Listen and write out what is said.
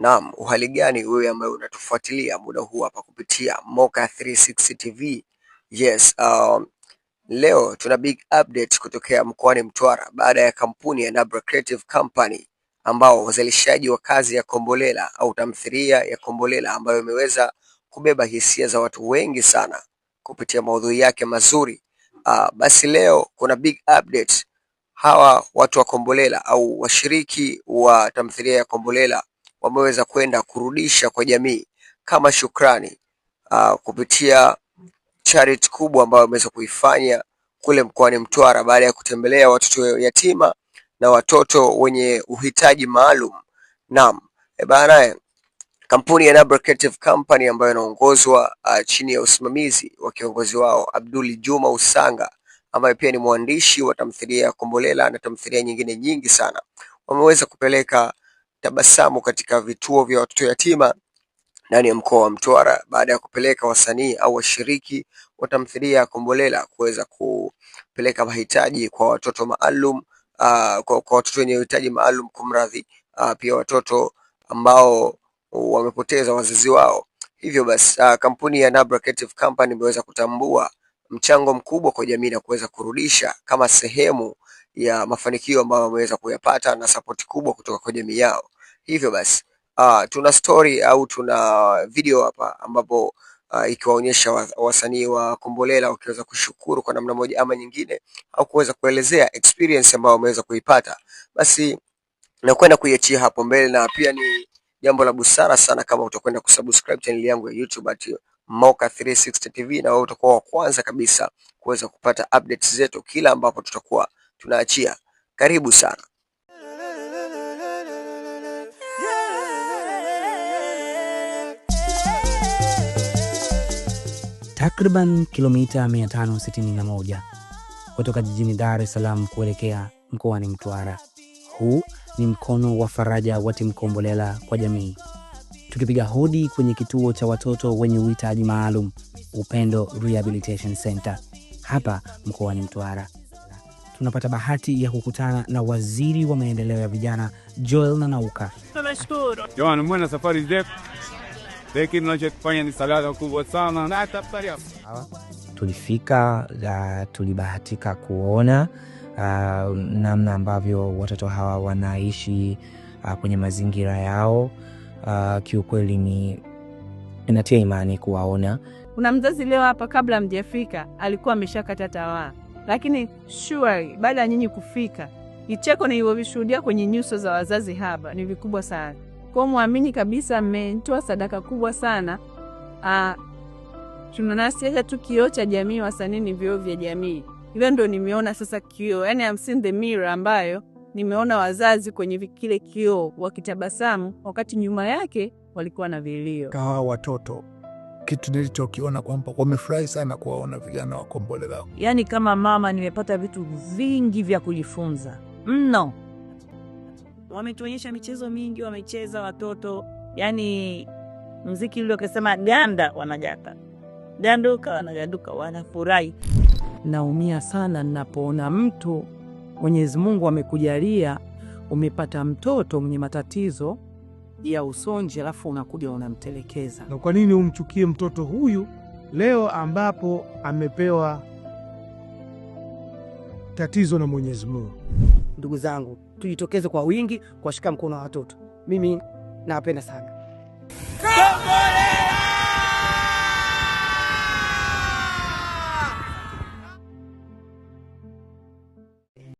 Naam, uhali gani wewe ambaye unatufuatilia muda huu hapa kupitia Moka 360 TV. Yes, um, leo tuna big update kutokea mkoani Mtwara baada ya kampuni ya Nabra Creative Company ambao wazalishaji wa kazi ya Kombolela au tamthilia ya Kombolela ambayo imeweza kubeba hisia za watu wengi sana kupitia maudhui yake mazuri. Uh, basi leo kuna big update. Hawa watu wa Kombolela au washiriki wa tamthilia ya Kombolela wameweza kwenda kurudisha kwa jamii kama shukrani uh, kupitia charity kubwa ambayo wameweza kuifanya kule mkoani Mtwara baada ya kutembelea watoto yatima na watoto wenye uhitaji maalum. Naam, e bana, kampuni ya Nabra Creative Company ambayo inaongozwa uh, chini ya usimamizi wa kiongozi wao Abduli Juma Usanga ambaye pia ni mwandishi wa tamthilia ya Kombolela na tamthilia nyingine nyingi sana wameweza kupeleka tabasamu katika vituo vya watoto yatima ndani ya mkoa wa Mtwara baada ya kupeleka wasanii au washiriki wa tamthilia ya Kombolela kuweza kupeleka mahitaji kwa watoto maalum, ah, kwa, kwa watoto wenye uhitaji maalum kumradhi, ah, pia watoto ambao wamepoteza wazazi wao. Hivyo basi ah, kampuni ya Nabra Creative Company imeweza kutambua mchango mkubwa kwa jamii na kuweza kurudisha kama sehemu ya mafanikio ambayo wameweza kuyapata na sapoti kubwa kutoka kwa jamii yao. Hivyo basi uh, tuna story au tuna video hapa ambapo uh, ikiwaonyesha wasanii wa Kombolela wakiweza kushukuru kwa namna moja ama nyingine au kuweza kuelezea experience ambayo wameweza kuipata, basi nakwenda kuiachia hapo mbele, na pia ni jambo la busara sana kama utakwenda kusubscribe channel yangu ya YouTube at Moka 360 TV, na wewe utakuwa wa kwanza kabisa kuweza kupata updates zetu kila ambapo tutakuwa tunaachia. Karibu sana. takriban kilomita 561 kutoka jijini Dar es Salaam kuelekea mkoani Mtwara. Huu ni mkono wa faraja wa timu Kombolela kwa jamii, tukipiga hodi kwenye kituo cha watoto wenye uhitaji maalum Upendo Rehabilitation Center hapa mkoani Mtwara. Tunapata bahati ya kukutana na waziri wa maendeleo ya vijana Joel Nanauka. Tunashukuru. Joan, mwana safari ndefu lakini unachokifanya ni sadaka kubwa sana na hataparia. Ah, tulifika uh, tulibahatika kuona uh, namna ambavyo watoto hawa wanaishi uh, kwenye mazingira yao uh, kiukweli ni inatia imani kuwaona. Kuna mzazi leo hapa kabla mjafika alikuwa ameshakata tamaa, lakini surely baada ya nyinyi kufika, kicheko nilivyovishuhudia kwenye nyuso za wazazi hapa ni vikubwa sana. Kwa mwamini kabisa, mmetoa sadaka kubwa sana. Ah, tunanasiacha tu kioo cha jamii, wasanii ni vioo vya jamii. Ile ndo nimeona sasa kioo, yani I'm seeing the mirror, ambayo nimeona wazazi kwenye kile kioo wakitabasamu, wakati nyuma yake walikuwa na vilio. Kawa watoto kitu nilichokiona kwamba wamefurahi sana kuwaona vijana wa lao Yani kama mama, nimepata vitu vingi vya kujifunza mno wametuonyesha michezo mingi, wamecheza watoto, yani mziki ule ukisema ganda wanajata ganduka, wanaganduka wanafurahi. Naumia sana ninapoona mtu, Mwenyezi Mungu amekujalia umepata mtoto mwenye matatizo ya usonji, alafu unakuja unamtelekeza. Na kwa nini umchukie mtoto huyu leo ambapo amepewa tatizo na Mwenyezi Mungu? ndugu zangu, tujitokeze kwa wingi kuwashika mkono wa watoto. Mimi nawapenda sana.